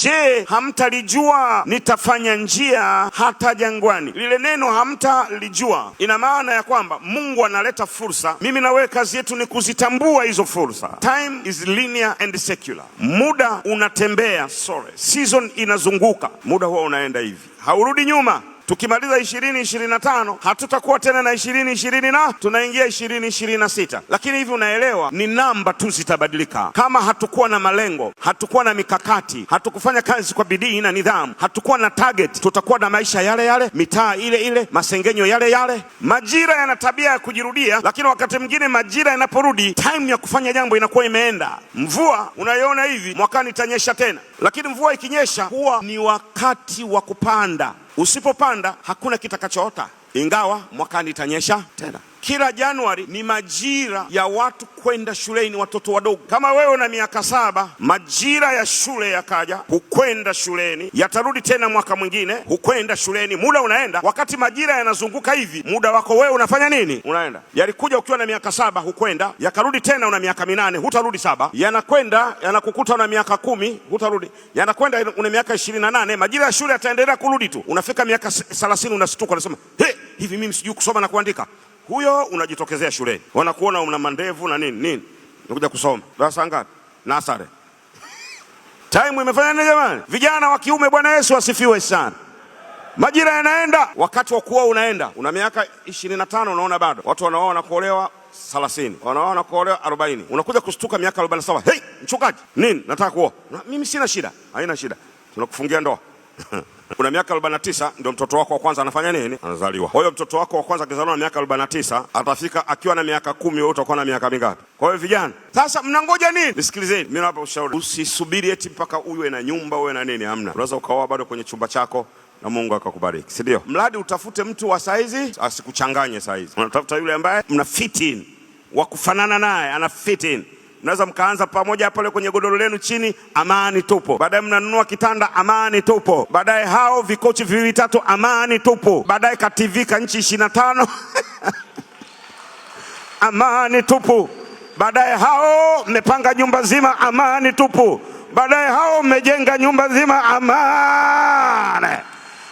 Je, hamtalijua nitafanya njia hata jangwani? Lile neno hamtalijua, ina maana ya kwamba Mungu analeta fursa. Mimi na wewe kazi yetu ni kuzitambua hizo fursa. Time is linear and secular, muda unatembea sorry. season inazunguka, muda huwa unaenda hivi, haurudi nyuma. Tukimaliza ishirini ishirini na tano hatutakuwa tena na ishirini ishirini na tunaingia ishirini ishirini na sita lakini hivi unaelewa, ni namba tu zitabadilika. Kama hatukuwa na malengo, hatukuwa na mikakati, hatukufanya kazi kwa bidii na nidhamu, hatukuwa na target, tutakuwa na maisha yale yale, mitaa ile ile, masengenyo yale yale. Majira yana tabia ya kujirudia, lakini wakati mwingine majira yanaporudi, time ya kufanya jambo inakuwa imeenda. Mvua unayoona hivi, mwakani itanyesha tena, lakini mvua ikinyesha huwa ni wakati wa kupanda. Usipopanda hakuna kitakachoota, ingawa mwakani itanyesha tena. Kila Januari ni majira ya watu kwenda shuleni, watoto wadogo. Kama wewe una miaka saba, majira ya shule yakaja, hukwenda shuleni, yatarudi tena mwaka mwingine, hukwenda shuleni, muda unaenda. Wakati majira yanazunguka hivi, muda wako wewe unafanya nini? Unaenda. Yalikuja ukiwa na miaka saba, hukwenda, yakarudi tena una miaka minane, hutarudi saba, yanakwenda yanakukuta una miaka kumi, hutarudi, yanakwenda una miaka ishirini na nane. Majira ya shule yataendelea kurudi tu, unafika miaka thelathini, unasituka, unasema hivi mimi sijui kusoma na kuandika huyo unajitokezea shuleni, wanakuona una mandevu na nini nini, unakuja kusoma darasa ngapi? Nasare time imefanya nini jamani? Vijana wa kiume, Bwana Yesu asifiwe sana. Majira yanaenda, wakati wa kuoa unaenda, una miaka ishirini na tano, unaona bado watu wanaoa na kuolewa thelathini, wanaoa na kuolewa arobaini, unakuja kushtuka miaka arobaini na saba. Hei mchungaji, nini nataka kuoa mimi, sina shida, haina shida, tunakufungia ndoa una miaka 49 ndio mtoto wako wa kwanza anafanya nini? Anazaliwa. Kwa hiyo mtoto wako wa kwanza akizaliwa na miaka 49 atafika akiwa na miaka kumi, wewe utakuwa na miaka mingapi? Kwa hiyo vijana, sasa mnangoja nini? Nisikilizeni, mimi nawapa ushauri, usisubiri eti mpaka uwe na nyumba uwe na nini, hamna. Unaweza ukaoa bado kwenye chumba chako na Mungu akakubariki, si ndio? Mradi utafute mtu wa saizi asikuchanganye. Saizi unatafuta yule ambaye mna fit in, wa kufanana naye, ana fit in Mnaweza mkaanza pamoja pale kwenye godoro lenu chini, amani tupo. Baadaye mnanunua kitanda, amani tupo. Baadaye hao vikochi viwili tatu, amani tupo. Baadaye kativika nchi ishirini na tano amani tupu. Baadaye hao mmepanga nyumba nzima, amani tupu. Baadaye hao mmejenga nyumba nzima, amani.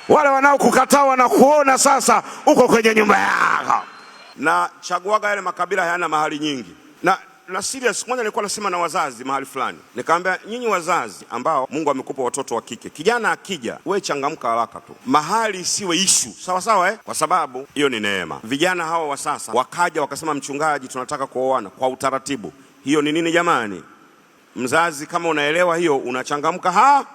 Wale wanaokukataa wanakuona sasa uko kwenye nyumba yako. Na chaguaga yale makabila hayana mahali nyingi na na serious. Siku moja nilikuwa nasema na wazazi mahali fulani, nikamwambia nyinyi wazazi ambao Mungu amekupa watoto wa kike, kijana akija, we changamka haraka tu, mahali isiwe ishu, sawa sawa eh? Kwa sababu hiyo ni neema. Vijana hawa wa sasa wakaja wakasema, mchungaji, tunataka kuoana kwa utaratibu. Hiyo ni nini jamani? Mzazi kama unaelewa hiyo, unachangamka ha